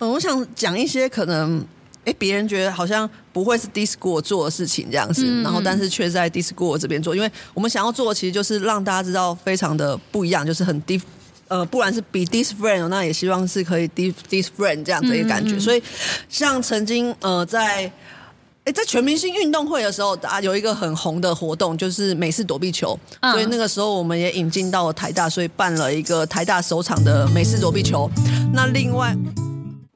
嗯，我想講一些可能，哎，別人覺得好像不會是 D-School 做的事情這樣子，嗯、然後但是卻在 D-School 這邊做，因為我們想要做的其實就是讓大家知道非常的不一樣，就是很 diff，呃，不然是 be different 那也希望是可以 dis different 這樣子的一個感覺。嗯、所以，像曾經呃，在哎在全明星運動會的時候啊，有一個很紅的活動就是美式躲避球，所以那個時候我們也引進到了台大，所以辦了一個台大首場的美式躲避球。那另外。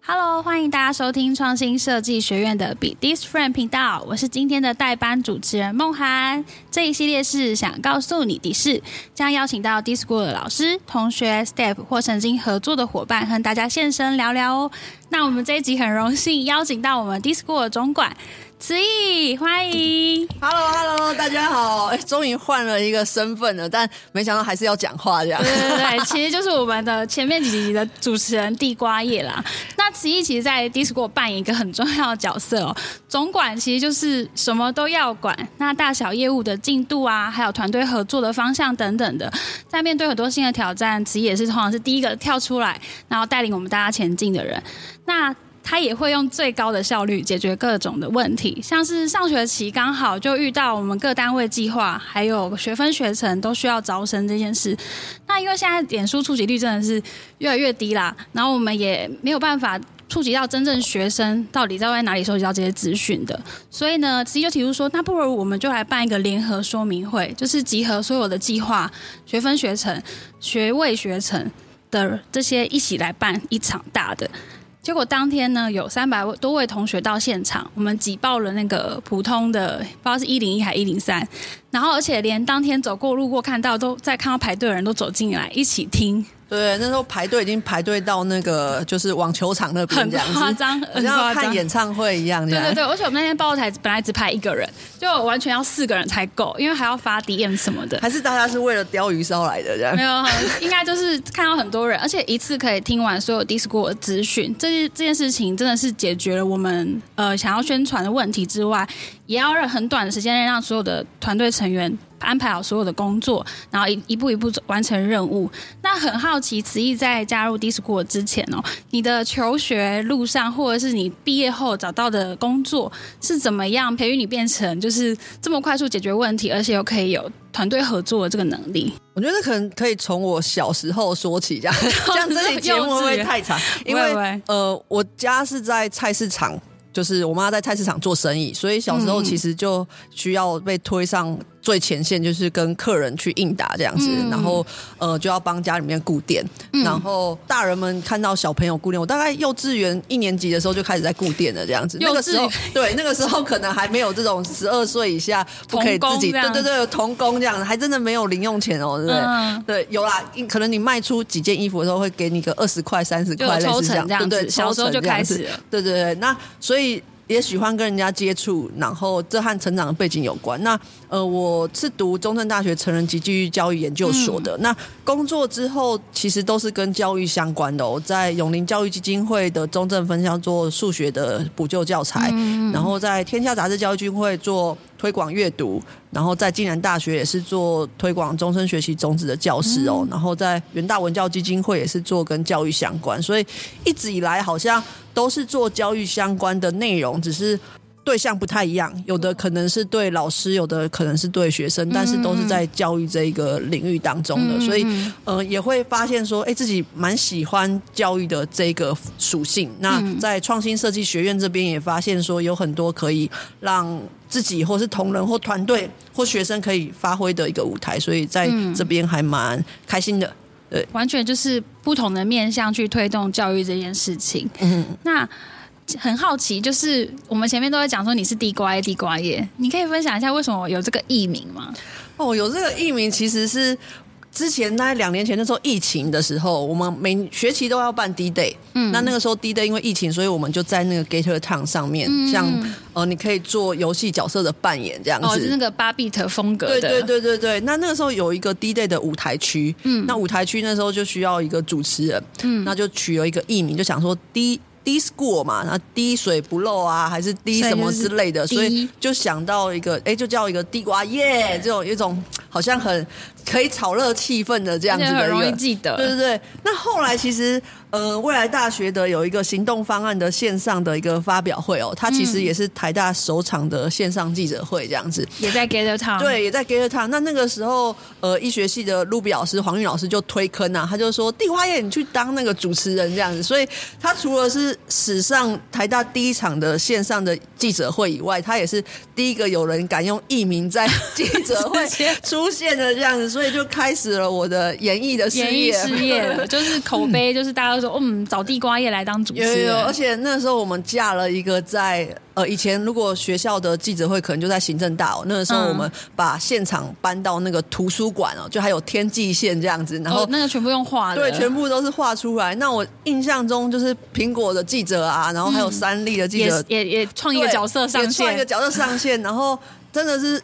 Hello，歡迎大家收聽創新設計學院的《Be This Friend》頻道，我是今天的代班主持人孟函。這一系列是想告訴你的事，將邀請到 D-School 的老師、同學、Step 或曾經合作的伙伴，和大家現身聊聊哦。那我們這一集很榮幸邀請到我們 D-School 總管慈憶，歡迎。Hello，Hello，hello，大家好。哎，終於換了一個身份了，但沒想到還是要講話這樣。對對對，其實就是我們的前面幾集的主持人 D 瓜耶啦。 那慈憶其實，在 D-School 扮演一個很重要的角色哦。總管其實就是什麼都要管，那大小業務的進度啊，還有團隊合作的方向等等的。在面對很多新的挑戰，慈憶也是通常是第一個跳出來，然後帶領我們大家前進的人。那他也會用最高的效率解決各種的問題，像是上學期剛好就遇到我們各單位計劃還有學分學程都需要招生這件事。那因為現在臉書觸及率真的是越來越低啦，然後我們也沒有辦法觸及到真正學生到底，到底在外面哪裡收集到這些資訊的，所以呢，其實就提出說，那不如我們就來辦一個聯合說明會，就是集合所有的計劃、學分學程、學位學程的這些一起來辦一場大的。結果當天呢，有三百多位同學到現場，我們擠爆了那個普通的，不知道是一零一還是一零三，然後而且連當天走過路過看到都在看到排隊的人都走進來一起聽。對，那時候排隊已經排隊到那個就是網球場那邊這樣子，很誇張，很誇張，像看演唱會一樣這樣。對對對，而且我們那天報到台本來只排一個人，就完全要四個人才夠，因為還要發 DM 什麼的。還是大家是為了鯛魚燒來的？這樣。沒有，嗯，應該就是看到很多人， 而且一次可以聽完所有 Discord 的資訊。這這件事情真的是解決了我們呃想要宣傳的問題之外。也要在很短的時間內讓所有的團隊成員安排好所有的工作，然後一一步一步完成任務。那很好奇，慈憶在加入 D-School 之前哦、喔，你的求學路上或者是你畢業後找到的工作是怎麼樣培育你變成就是這麼快速解決問題，而且又可以有團隊合作的這個能力？我覺得可能可以從我小時候說起，這樣這樣， 這些節目會不會太長， 因為喂喂呃，我家是在菜市場。就是我媽在菜市場做生意，所以小時候其實就需要被推上最前線就是跟客人去應答這樣子，嗯、然後呃就要幫家裡面顧店、嗯，然後大人們看到小朋友顧店，我大概幼稚園一年級的時候就開始在顧店了這樣子。那個時候對那個時候可能還沒有這種十二歲以下不可以自己，同對對對，童工這樣子，還真的沒有零用錢哦，對不對、嗯？對，有啦，可能你賣出幾件衣服的時候會給你個二十塊、三十塊、就是、類似這樣，子這樣子，對對，小時候就開始了，對對對，那所以。也喜歡跟人家接觸，然後這和成長的背景有關。那呃，我是讀中正大學成人及繼續教育研究所的、嗯。那工作之後，其實都是跟教育相關的、哦。我在永齡教育基金會的中正分校做數學的補救教材、嗯，然後在天下雜志教育基金會做。推廣閱讀，然後在暨南大學也是做推廣終身學習宗旨的教師哦、嗯，然後在元大文教基金會也是做跟教育相關，所以一直以來好像都是做教育相關的內容，只是。對象不太一樣，有的可能是對老師，有的可能是對學生，嗯、但是都是在教育這一個領域當中的，嗯、所以呃也會發現說，哎、欸，自己蠻喜歡教育的這個屬性。那在創新設計學院這邊也發現說，有很多可以讓自己或是同仁或團隊或學生可以發揮的一個舞台，所以在這邊還蠻開心的。對，完全就是不同的面向去推動教育這件事情。嗯，那。很好奇，就是我們前面都在講說你是地瓜耶，地瓜耶。你可以分享一下為什麼有這個藝名嗎？哦，有這個藝名其實是之前大概兩年前的時候，疫情的時候，我們每學期都要辦 D Day，嗯，那那個時候 D Day 因為疫情，所以我們就在那個 Gator Town 上面，嗯，像呃，你可以做遊戲角色的扮演這樣子，哦，是那個八比特風格的，對對對對對。那那個時候有一個 D Day 的舞台區，嗯，那舞台區那時候就需要一個主持人，嗯，那就取了一個藝名，就想說 D。滴過嘛，然後滴水不漏啊，還是滴什麼之類的，就是，所以就想到一個，哎，就叫一個地瓜葉，yeah, 這種一種好像很。可以炒熱氣氛的這樣子的人，很容易記得，對對對。那後來其實，呃，未來大學的有一個行動方案的線上的一個發表會哦，他其實也是台大首場的線上記者會，這樣子。也在 Gett n 對，也在 Gett n 那那個時候，呃，醫學系的陸比老師、黃玉老師就推坑啊，他就說：“地花葉，你去當那個主持人這樣子。”所以，他除了是史上台大第一場的線上的記者會以外，他也是第一個有人敢用藝名在記者會出現的這樣子。 所以就開始了我的演藝的事業，業，事 業就是口碑，就是大家都說，嗯、哦，我找地瓜葉來當主持。有有。而且那個時候我們架了一個在呃，以前如果學校的記者會可能就在行政大樓，哦，那個時候我們把現場搬到那個圖書館哦，就還有天際線這樣子，然後、哦、那個全部用畫的，對，全部都是畫出來。那我印象中就是蘋果的記者啊，然後還有三立的記者，嗯、也也創一個角色上線，創一個角色上線，然後真的是。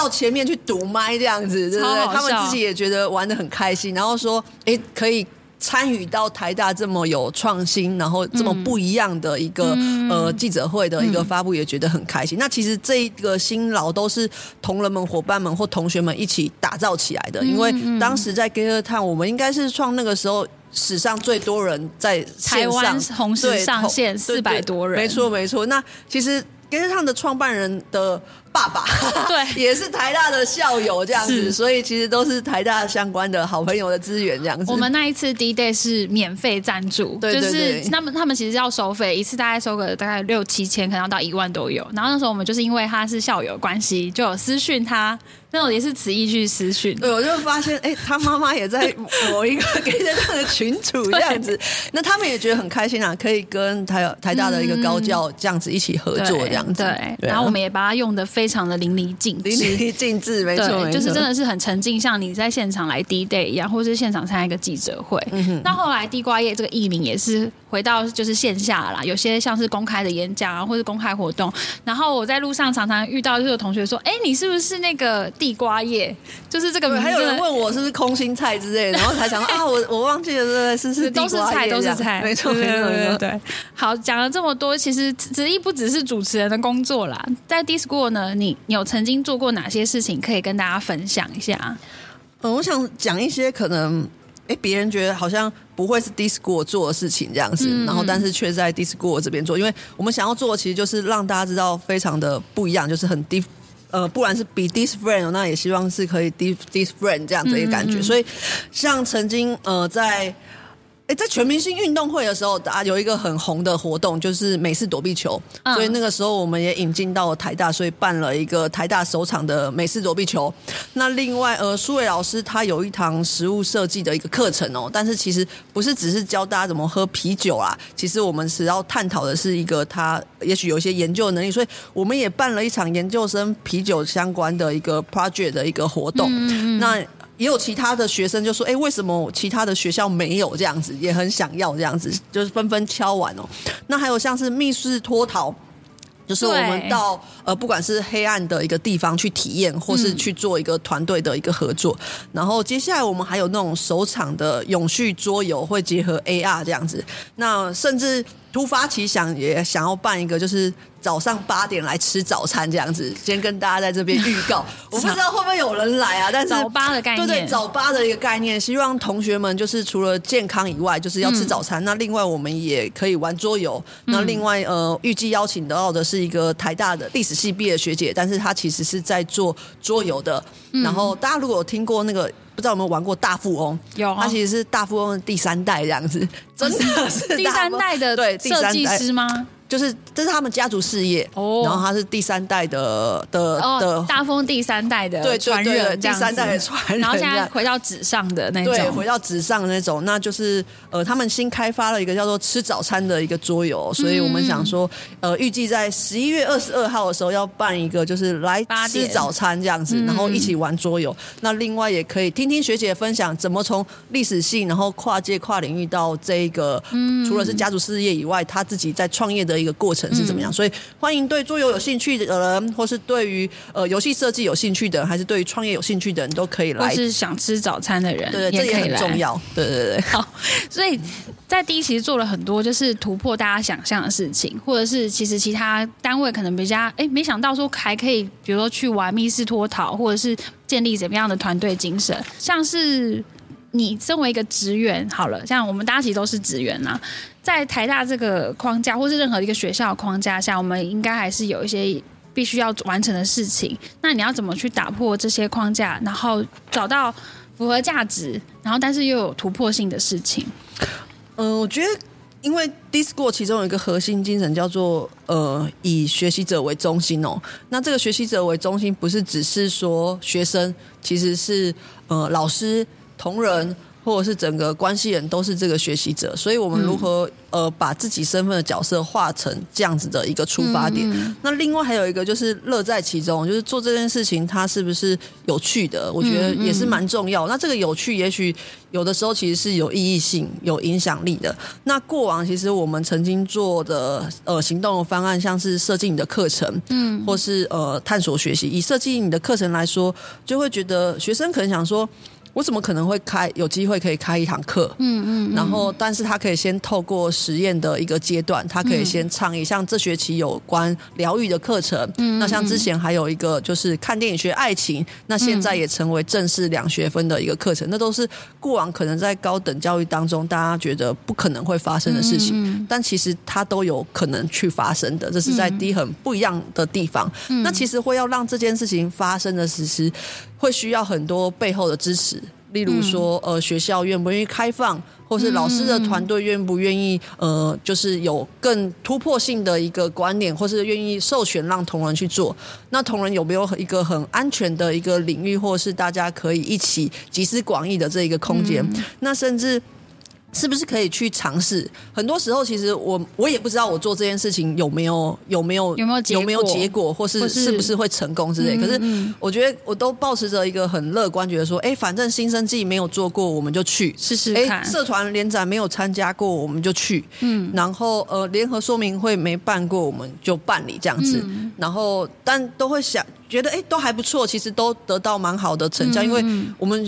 到前面去堵麥這樣子，對不對？他們自己也覺得玩得很開心，然後說：“哎，可以參與到台大這麼有創新，嗯、然後這麼不一樣的一個、嗯、呃記者會的一個發布，也覺得很開心。嗯”那其實這一個辛勞都是同仁們、夥伴們或同學們一起打造起來的。嗯、因為當時在 Gather Town，我們應該是創那個時候史上最多人在線上，台灣上對，上線四百多人，沒錯，沒錯。那其實 Gather Town 的創辦人的。爸爸哈哈對，也是台大的校友這樣子，所以其實都是台大相關的好朋友的資源這樣子。我們那一次 D Day 是免費贊助，對對對，就是他們他們其實要收費一次，大概收個大概六七千，可能要到一萬都有。然後那時候我們就是因為他是校友關係，就有私訊他那種也是直意去私訊，對我就發現哎、欸，他媽媽也在某一個給一個這樣的群組這樣子，那他們也覺得很開心啊，可以跟台台大的一個高教這樣子一起合作這樣子。嗯、對，對，然後我們也把它用的非非常的淋漓盡致，淋漓盡致，沒錯，就是真的是很沉浸，像你在現場來、D-Day 一樣，或是現場參加一個記者會。嗯、那後來，地瓜葉這個藝名也是。回到就是線下了啦，有些像是公開的演講啊，或是公開活動，然後我在路上常常遇到，就是有同學說：“哎、欸，你是不是那個地瓜葉？就是這個。嗯”還有人問我是不是空心菜之類的，然後才想到 啊，我我忘記了，是不是是，都是菜，都是菜，沒錯，沒錯，沒錯。對，好，講了這麼多，其實慈憶不只是主持人的工作啦，在 D-School 呢你，你有曾經做過哪些事情可以跟大家分享一下？哦、我想講一些可能。誒，別人覺得好像不會是 D-School 做的事情這樣子，嗯嗯，然後但是卻在 D-School 這邊做，因為我們想要做的其實就是讓大家知道非常的不一樣，就是很 diff，呃，不然是比 D-School 那也希望是可以 diff D-School 這樣子一個感覺，嗯嗯嗯，所以像曾經呃在。哎，在全明星運動會的時候，大家有一個很紅的活動，就是美式躲避球。嗯、所以那個時候我們也引進到了台大，所以辦了一個台大首場的美式躲避球。那另外，呃，蘇偉老師他有一堂食物設計的一個課程哦，但是其實不是只是教大家怎麼喝啤酒啊，其實我們是要探討的是一個他也許有一些研究的能力，所以我們也辦了一場研究生啤酒相關的一個 project 的一個活動。嗯嗯嗯那。也有其他的學生就說：“誒、欸，為什麼其他的學校沒有這樣子？也很想要這樣子，就是紛紛敲碗哦。”那還有像是密室脫逃，就是我們到呃，不管是黑暗的一個地方去體驗，或是去做一個團隊的一個合作、嗯。然後接下來我們還有那種首場的永續桌遊，會結合 AR 這樣子。那甚至突發奇想，也想要辦一個就是。早上八點來吃早餐這樣子，先跟大家在這邊預告、 啊。我不知道會不會有人來啊，但早八的概念，對對，對，早八的一個概念，希望同學們就是除了健康以外，就是要吃早餐。嗯、那另外我們也可以玩桌遊。那、嗯、另外呃，預計邀請得到的是一個台大的歷史系畢業的學姐，但是她其實是在做桌遊的、嗯。然後大家如果有聽過那個，不知道有沒有玩過大富翁？有、哦。他其實是大富翁的第三代這樣子，真的是大富翁第三代的對設計師嗎？就是這是他們家族事業，oh. 然後他是第三代的的、oh. 的、oh. 的大豐第三代的傳人，對對對，第三代的傳人。然後現在回到紙上的那種，對回到紙上的那種，那就是呃，他們新開發了一個叫做吃早餐的一個桌遊、嗯，所以我們想說，呃，預計在十一月二十二號的時候要辦一個，就是來吃早餐這樣子，然後一起玩桌遊、嗯。那另外也可以聽聽學姐分享怎麼從歷史系，然後跨界跨領域到這個、嗯，除了是家族事業以外，他自己在創業的。一個過程是怎麼樣？嗯、所以歡迎對桌遊有興趣的人，或是對於呃遊戲設計有興趣的，還是對於創業有興趣的人都可以來。或是想吃早餐的人，對，這也很重要。對對對，對好。所以在第一期做了很多，就是突破大家想象的事情，或者是其實其他單位可能比較哎、欸，沒想到說還可以，比如說去玩密室脫逃，或者是建立怎麼樣的團隊精神。像是你身為一個職員，好了，像我們大家其實都是職員吶。在台大這個框架，或是任何一個學校的框架下，我們應該還是有一些必須要完成的事情。那你要怎麼去打破這些框架，然後找到符合價值，然後但是又有突破性的事情？呃，我覺得，因為 Discord 其中有一個核心精神叫做呃以學習者為中心哦。那這個學習者為中心，不是只是說學生，其實是呃老師、同仁。或者是整個關係人都是這個學習者，所以我們如何呃把自己身份的角色化成這樣子的一個出發點？那另外還有一個就是樂在其中，就是做這件事情它是不是有趣的？我覺得也是蠻重要的。那這個有趣，也許有的時候其實是有意義性、有影響力的。那過往其實我們曾經做的呃行動的方案，像是設計你的課程，嗯，或是呃探索學習。以設計你的課程來說，就會覺得學生可能想說。我怎麼可能會開有機會可以開一堂課？嗯嗯。然後，但是他可以先透過實驗的一個階段，他可以先倡議、嗯、像這學期有關療癒的課程。嗯。那像之前還有一個就是看電影學愛情，那現在也成為正式兩學分的一個課程。嗯、那都是過往可能在高等教育當中大家覺得不可能會發生的事情、嗯，但其實它都有可能去發生的。這是在 D 很不一樣的地方、嗯。那其實會要讓這件事情發生的實施。會需要很多背後的支持，例如說、嗯，呃，學校願不願意開放，或是老師的團隊願不願意，嗯、呃，就是有更突破性的一個觀念，或是願意授權讓同仁去做。那同仁有沒有一個很安全的一個領域，或是大家可以一起集思廣益的這一個空間？嗯、那甚至。是不是可以去嘗試？很多時候，其實我我也不知道我做這件事情有沒有有沒有有沒有有沒有結果，或是是不是會成功之類。可是我覺得我都抱持着一個很樂觀，覺得說，哎、欸，反正新生計沒有做過，我們就去試試看。哎，社團聯展沒有參加過，我們就去。嗯。然後呃，聯合說明會沒辦過，我們就辦理這樣子。嗯、然後但都會想覺得，哎、欸，都還不錯。其實都得到蠻好的成效，嗯、因為我們。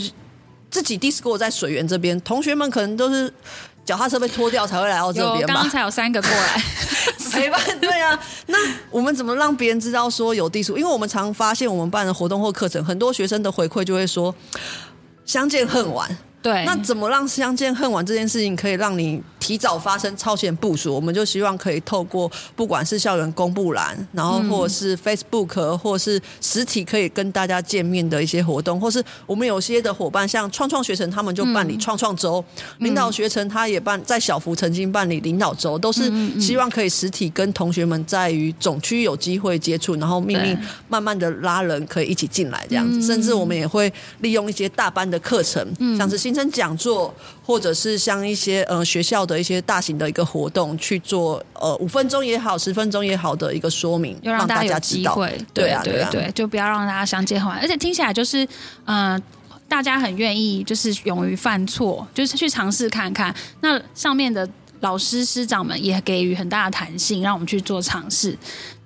自己 D-School 在水源這邊，同學們可能都是腳踏車被拖掉才會來到這邊吧？剛剛才有三個過來，誰 辦？對啊，那我們怎麼讓別人知道說有 D-School？因為我們常發現我們辦的活動或課程，很多學生的回饋就會說“相見恨晚”。對，那怎麼讓相見恨晚這件事情可以讓你提早發生、超前部署？我們就希望可以透過不管是校園公布欄，然後或者是 Facebook，或者是實體可以跟大家見面的一些活動，或者是我們有些的夥伴，像創創學程他們就辦理創創週；領導學程他也辦，在小福曾經辦理領導週，都是希望可以實體跟同學們在與總區有機會接觸，然後慢慢慢慢的拉人可以一起進來這樣子。對，甚至我們也會利用一些大班的課程、嗯，像是新講座，或者是像一些呃學校的一些大型的一個活動，去做呃五分鐘也好，十分鐘也好的一個說明，要讓大家有機會。對啊，對啊，對，就不要讓大家相見恨晚，而且聽起來就是嗯、呃，大家很願意，就是勇於犯錯，就是去嘗試看看。那上面的老師師長們也給予很大的彈性，讓我們去做嘗試。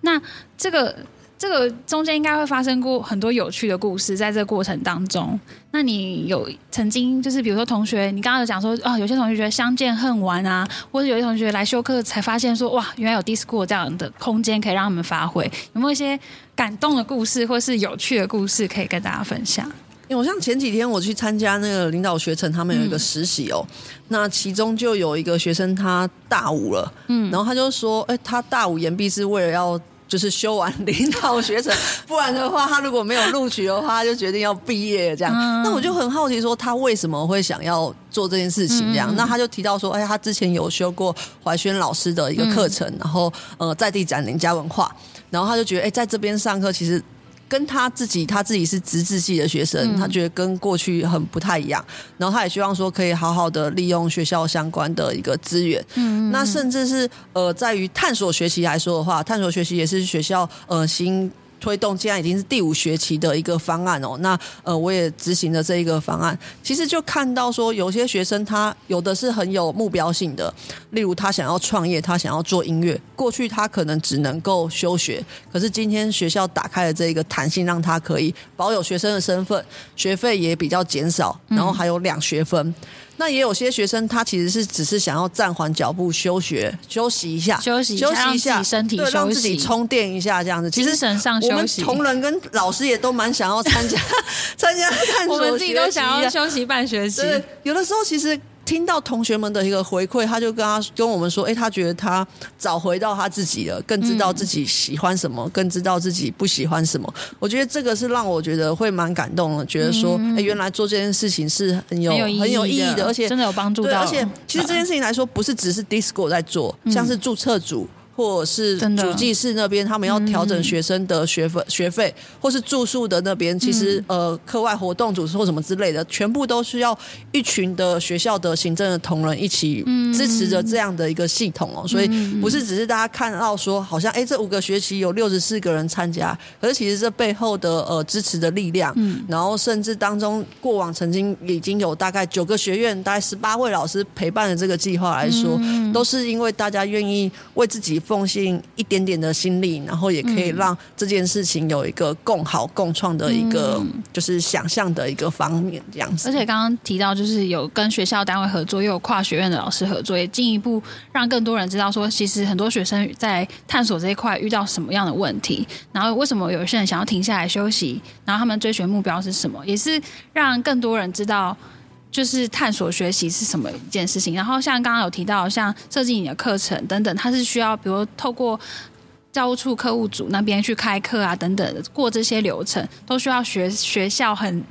那這個。這個中間應該會發生過很多有趣的故事，在這個過程當中，那你有曾經就是比如說同學，你剛剛有講說啊、哦，有些同學覺得相見恨晚啊，或者有些同學來修課才發現說哇，原來有 D-School 這樣的空間可以讓他們發揮，有沒有一些感動的故事或是有趣的故事可以跟大家分享，嗯？我像前幾天我去參加那個領導學程，他們有一個實習哦，那其中就有一個學生他大五了，嗯，然後他就說，哎，他大五延畢是為了要。就是修完領導學程，不然的話，他如果沒有錄取的話，他就決定要畢業這樣、嗯。那我就很好奇說，說他為什麼會想要做這件事情這樣？嗯、那他就提到說，哎、欸，他之前有修過懷軒老師的一個課程、嗯，然後呃，在地展林家文化，然後他就覺得，哎、欸，在這邊上課其實。跟他自己，他自己是直職系的學生，嗯、他覺得跟過去很不太一樣，然後他也希望說可以好好的利用學校相關的一個資源，嗯、那甚至是呃，在於探索學習來說的話，探索學習也是學校呃新。推動，既然已經是第五學期的一個方案哦，那呃，我也執行了這一個方案。其實就看到說，有些學生他有的是很有目標性的，例如他想要創業，他想要做音樂。過去他可能只能夠休學，可是今天學校打開了這一個彈性，讓他可以保有學生的身份，學費也比較減少，然後還有兩學分。嗯那也有些學生，他其實是只是想要暫緩腳步，休學休息一下，休息一下，休息一下，讓自己身體休息。對，讓自己充電一下這樣子。其實我們同仁跟老師也都蠻想要參加參 加探索學期，我們自己都想要休息半學期。對，有的時候其實。聽到同學們的一個回饋，他就跟他跟我們說：“哎、欸，他覺得他找回到他自己了，更知道自己喜歡什麼，更知道自己不喜歡什麼。”我覺得這個是讓我覺得會蠻感動的，覺得說、欸：“原來做這件事情是很有，很有，很有，很有意義的，而且真的有幫助到。”對，而且其實這件事情來說，不是只是 D-School 在做，像是注冊組，或者是主計室那邊，他們要調整學生的學費、嗯嗯、學費，或是住宿的那邊，其實嗯嗯呃課外活動組織或什麼之類的，全部都需要一群的學校的行政的同仁一起支持着這樣的一個系統哦。嗯嗯所以不是只是大家看到說好像哎這五個學期有六十四個人參加，可是其實這背後的呃支持的力量、嗯，然後甚至當中過往曾經已經有大概九個學院，大概十八位老師陪伴的這個計劃來說，嗯嗯都是因為大家願意為自己。奉獻一點點的心力，然後也可以讓這件事情有一個共好共創的一個，嗯、就是想象的一個方面這樣子。而且剛剛提到，就是有跟學校單位合作，又有跨學院的老師合作，也進一步讓更多人知道說，說其實很多學生在探索這一塊遇到什麼樣的問題，然後為什麼有些人想要停下來休息，然後他們追尋目標是什麼，也是讓更多人知道。就是探索學習是什麼一件事情，然後像剛剛有提到，像設計你的課程等等，它是需要，比如說透過教務處、課務組，那邊去開課啊，等等，過這些流程都需要學學校很，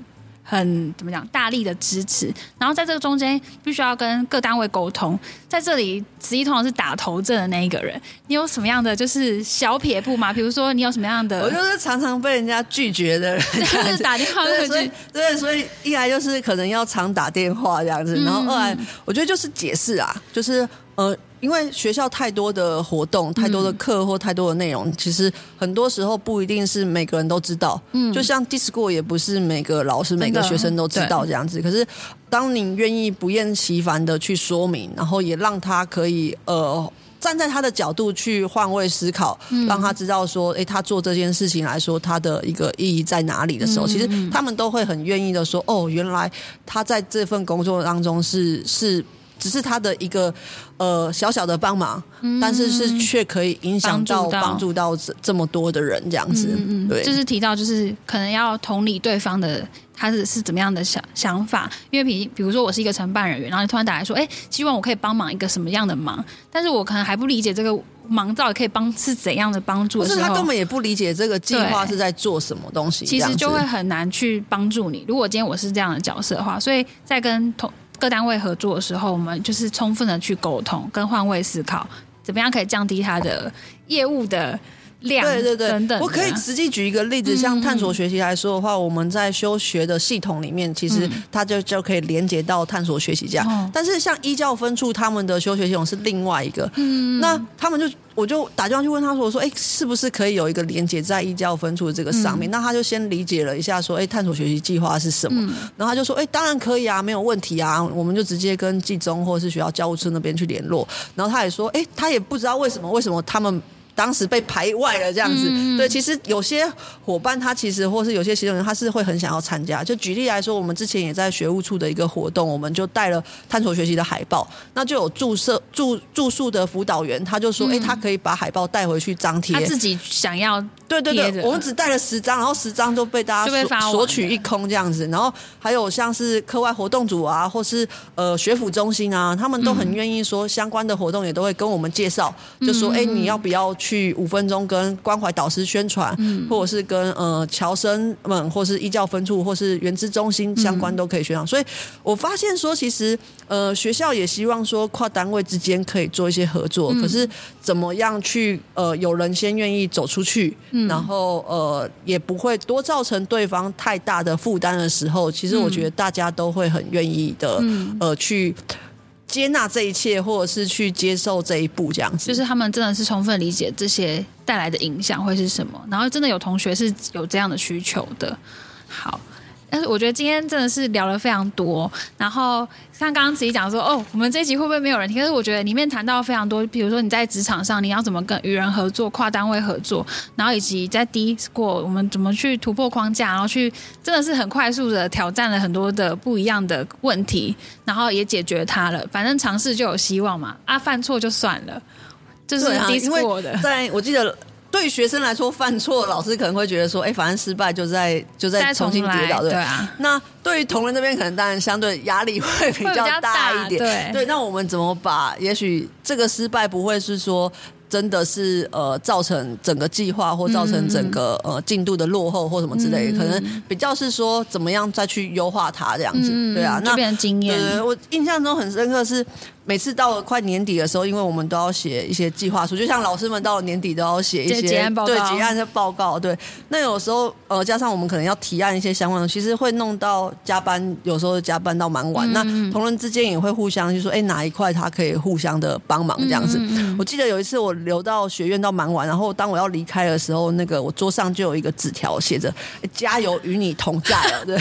很怎麼講？大力的支持，然後在這個中間必須要跟各單位溝通。在這裡，慈憶通常是打頭陣的那一個人。你有什麼樣的就是小撇步嗎？比如說，你有什麼樣的？我就是常常被人家拒絕的人， 就是打電話被拒。對，所以，對，所以一來就是可能要常打電話這樣子，嗯、然後二來我覺得就是解釋啊，就是呃。因為學校太多的活動、太多的課或太多的內容，嗯，其實很多時候不一定是每個人都知道。嗯，就像 Discord 也不是每個老師、每個學生都知道這樣子。可是，當你願意不厭其煩的去說明，然後也讓他可以呃站在他的角度去換位思考，嗯，讓他知道說，哎，他做這件事情來說，他的一個意義在哪裡的時候，嗯，其實他們都會很願意的說，哦，原來他在這份工作當中是是只是他的一個。呃，小小的幫忙、嗯，但是是卻可以影響到幫助到這這麼多的人這樣子、嗯嗯，對，就是提到就是可能要同理對方的他是是怎麼樣的想想法，因為比比如說我是一個承辦人員，然後你突然打來說，哎，希望我可以幫忙一個什麼樣的忙，但是我可能還不理解這個忙到底可以幫是怎樣的幫助的，不是他根本也不理解這個計劃是在做什麼東西，其實就會很難去幫助你。如果今天我是這樣的角色的話，所以在跟同各單位合作的時候，我們就是充分的去溝通，跟換位思考，怎麼樣可以降低他的業務的。對對對等等、啊，我可以直接舉一個例子，像探索學習來說的話，嗯嗯、我們在修學的系統裡面，其實它就就可以連接到探索學習這樣、哦。但是像醫教分處他們的修學系統是另外一個，嗯，那他們就我就打電話去問他說，說哎，是不是可以有一個連接在醫教分處的這個上面、嗯？那他就先理解了一下說，說哎，探索學習計劃是什麼？嗯、然後他就說，哎，當然可以啊，沒有問題啊，我們就直接跟計中或是學校教務處那邊去聯絡。然後他也說，哎，他也不知道為什麼，為什麼他們。當時被排外了這樣子、嗯，對，其實有些夥伴他其實或是有些行動人，他是會很想要參加。就舉例來說，我們之前也在學務處的一個活動，我們就帶了探索學習的海報，那就有住社住住宿的輔導員，他就說，哎、嗯欸，他可以把海報帶回去張貼。他自己想要，對對對，我們只帶了十張，然後十張就被大家索取一空這樣子。然後還有像是課外活動組啊，或是呃學府中心啊，他們都很願意說，相關的活動也都會跟我們介紹，嗯、就說，哎、欸，你要不要？去五分鐘跟關懷導師宣傳，嗯、或者是跟呃僑生們、呃，或是醫教分處，或是原資中心，相關都可以宣傳。嗯、所以我發現說，其實呃學校也希望說跨單位之間可以做一些合作。嗯、可是怎麼樣去呃有人先願意走出去，嗯、然後呃也不會多造成對方太大的負擔的時候，其實我覺得大家都會很願意的、嗯、呃去。接納這一切，或者是去接受這一步，這樣子，就是他們真的是充分理解這些帶來的影響會是什麼。然後，真的有同學是有這樣的需求的。好。但是我覺得今天真的是聊了非常多，然後像剛剛自己講說，哦，我們這一集會不會沒有人聽？但是我覺得裡面談到非常多，比如說你在職場上你要怎麼跟與人合作、跨單位合作，然後以及在 D-School 我們怎麼去突破框架，然後去真的是很快速的挑戰了很多的不一樣的問題，然後也解決它了。反正嘗試就有希望嘛，啊，犯錯就算了，就是很 D-School 的。對啊，在我記得。對於學生來說犯錯，老師可能會覺得說，哎，反正失敗就在就在重新跌倒，對對，對啊。那對於同仁這邊，可能當然相對壓力會比較大一點，對，對。那我們怎麼把，也許這個失敗不會是說真的是呃，造成整個計劃或造成整個、嗯、呃進度的落後或什麼之類的、嗯，可能比較是說怎麼樣再去優化它這樣子，嗯、對啊，那變成經驗。我印象中很深刻是，每次到了快年底的時候，因為我們都要寫一些計劃書，就像老師們到了年底都要寫一些結案報告，對結案的報告，對。那有時候呃，加上我們可能要提案一些相關的，其實會弄到加班，有時候加班到蠻晚。嗯、那同仁之間也會互相就說，哎，哪一塊他可以互相的幫忙、嗯、這樣子、嗯嗯。我記得有一次我。留到學院到蠻晚，然後當我要離開的時候，那個我桌上就有一個紙條，寫、欸、着“加油，與你同在”， 對，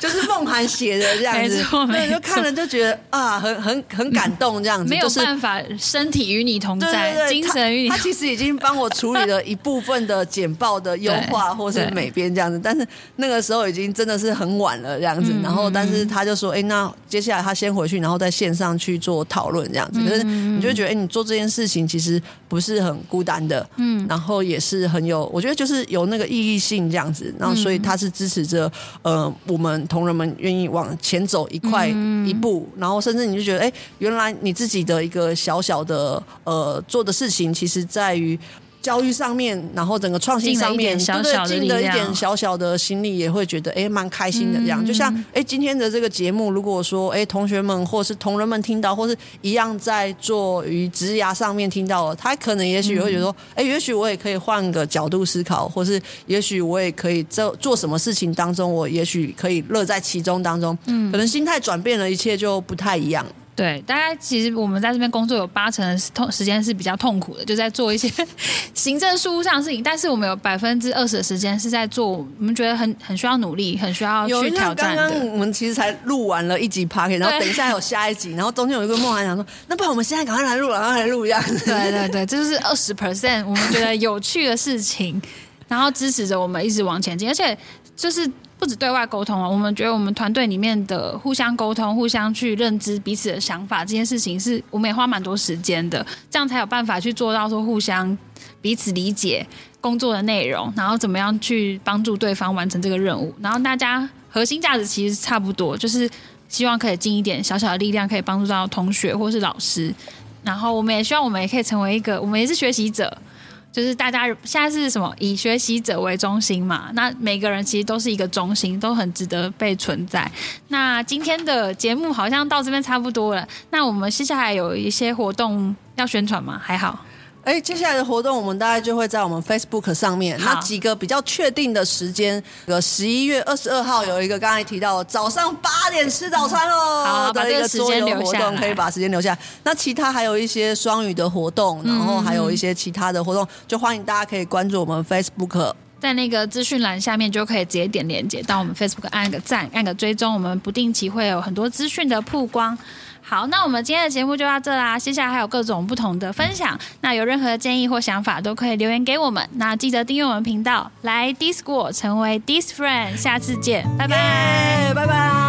就是孟函寫的這樣子 沒沒，對，就看了就覺得啊，很很很感動這樣子、嗯就是，沒有辦法，身體與你同在，對對對，精神與你同在，他，他其實已經幫我處理了一部分的簡報的優化 或是美編這樣子，但是那個時候已經真的是很晚了這樣子，嗯、然後但是他就說，哎、欸，那接下來他先回去，然後在線上去做討論這樣子，可、嗯就是你就覺得，哎、欸，你做這件事情其實。不是很孤單的，嗯，然後也是很有，我覺得就是有那個意義性這樣子，然後所以他是支持着、嗯，呃，我們同仁們願意往前走一塊一步、嗯，然後甚至你就覺得，哎、欸，原來你自己的一個小小的，呃，做的事情，其實在於，教育上面，然後整個創新上面，進小小對對，盡的一點小小的心力，也會覺得誒、哎、蠻開心的這樣。嗯、就像誒、哎、今天的這個節目，如果說誒、哎、同學們或是同仁們聽到，或是一樣在做於職涯上面聽到，了，他可能也許也會覺得說、嗯，哎，也許我也可以換個角度思考，或是也許我也可以做做什麼事情當中，我也許可以樂在其中當中，嗯、可能心態轉變了，一切就不太一樣。對，大家其實我們在這邊工作有八成的時時間是比較痛苦的，就在做一些行政事務上的事情。但是我們有百分之二十的時間是在做我們覺得很很需要努力、很需要去挑戰。剛剛我們其實才錄完了一集 Parker 然後等一下有下一集，然後中間有一個孟函，想說：“那不然我們現在趕快來錄了，然後來錄一下。”對對對，這就是二十 percent。我們覺得有趣的事情， 然後支持着我們一直往前進，而且，就是不止對外溝通了，我們覺得我們團隊裡面的互相溝通、互相去認知彼此的想法，這件事情是我們也花蠻多時間的，這樣才有辦法去做到說互相彼此理解工作的內容，然後怎麼樣去幫助對方完成這個任務。然後大家核心價值其實差不多，就是希望可以盡一點小小的力量，可以幫助到同學或是老師。然後我們也希望我們也可以成為一個，我們也是學習者。就是大家現在是什麼以學習者為中心嘛？那每個人其實都是一個中心，都很值得被存在。那今天的節目好像到這邊差不多了，那我們接下來有一些活動要宣傳嗎？還好。哎、欸，接下來的活動我們大概就會在我們 Facebook 上面。那幾個比較確定的時間，呃，十一月二十二號有一個，剛才提到早上八點吃早餐嘍、嗯。好，把這個時間留下，可以把時間留下。那其他還有一些雙語的活動，然後還有一些其他的活動，就歡迎大家可以關注我們 Facebook，在那個資訊欄下面就可以直接點連結到我們 Facebook，按個讚，按個追蹤，我們不定期會有很多資訊的曝光。好，那我們今天的節目就到這啦、啊。接下來還有各種不同的分享，那有任何建議或想法都可以留言給我們。那記得訂閱我們頻道，來 D-School 成為 D Friend，下次見，拜拜，拜、Yeah, 拜。